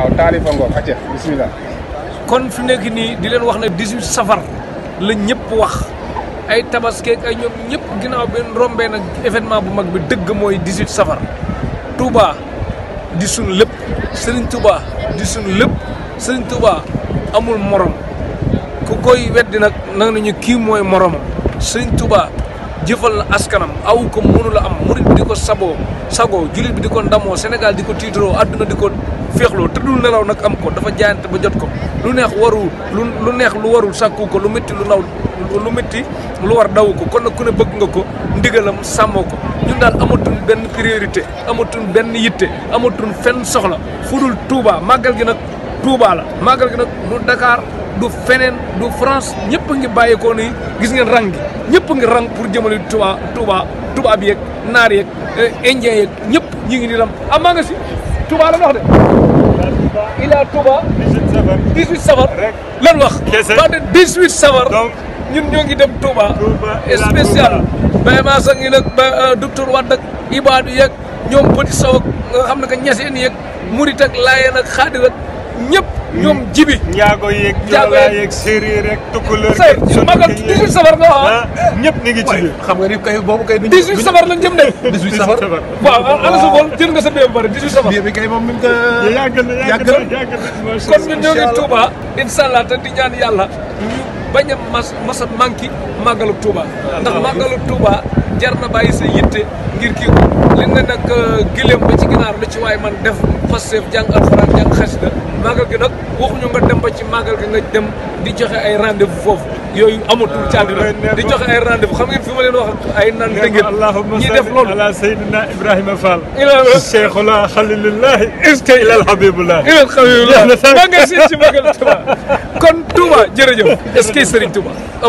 waaw taalifa ngoog acca bismillah kon fi nekk nii di leen wax ne 18 safar la ñëpp wax ay tabaskeeg ay ñoom ñëpp ginnaaw bi rombee nag événement bu mag bi dëgg mooy 18 safar Touba di suñu lépp Serigne Touba di suñu lépp Serigne Touba amul morom ku koy weddi nag nag nañu kii mooy moromam Serigne Touba jëfal na askanam aw ko mënu am murit saboo sagoo jullit bi di ko ndamoo Sénégal di ko tiitaroo àdduna di ko féexloo tëddul nelaw nag am ko dafa jaayante ba jot ko lu neex warul lu lu neex lu warul sàkku ko lu métti lu law lu lu war daw ko kon nag ku ne bëgg nga ko ndigalam sàmmoo ko ñun daal amatuñ benn priorité amatuñ benn yitte amatuñ fenn soxla fudul Touba màggal gi nag Touba la màggal gi nag du Dakar du feneen du France ñëpp ngi bàyyeekoo nii gis ngeen rang ñëpp ngi rang pour jëmale Touba Touba tubaab yeeg naar yeeg eh, ñëpp ñi ngi ni am ah, maa si Touba lan wax de. Ila Touba. 18 safar safar. rek lan wax. kese wax de 18 safar. donc ñun ñoo ngi dem Touba. Touba spécial. Baye Massa ngi nag ba euh, docteur Wade ak Ibadou ñoom Petit Sow nga xam ne que Niassène yeeg Murit ak Laayeen ak Xaadir ak. ñëpp ñoom jibi njaago yeeg joolaa yeeg séeréer rek tukkuleur magal 18 safar nga ah. ah ñëpp ni ngi ci xam nga ni kay boobu kay 18 safar lañ jëm de 18 safar waaw ah, ana sa bool jël nga sa bee ba pare 18 safar bi kay moom mi nga yàgg na yàgg na yàgg na kon ñun ñoo ngi Touba incha allah te di ñaan yàlla ñu bañ a mas mas a manqué màggalu Touba ndax màggalu Touba jar na bàyyi sa yitte ngir kii li nga nag euh, giléem ba ci ginaar lu ci waay man def fas seef jàng alxuraan jàng gi nag waxuñu nga dem ba ci màggal gi nga dem di joxe ay rendez-vous foofu yooyu amatul caaldi na di joxe ay rendez-vous xam ngeen fi ma leen wax ay nan dëggeen ñi def loolu ala sayyidina Ibrahima Fall cheikhuna xalilullah est-ce que ilal habibullah ilal habibullah ma nga seet si màggal Touba kon Touba jërëjëf est-ce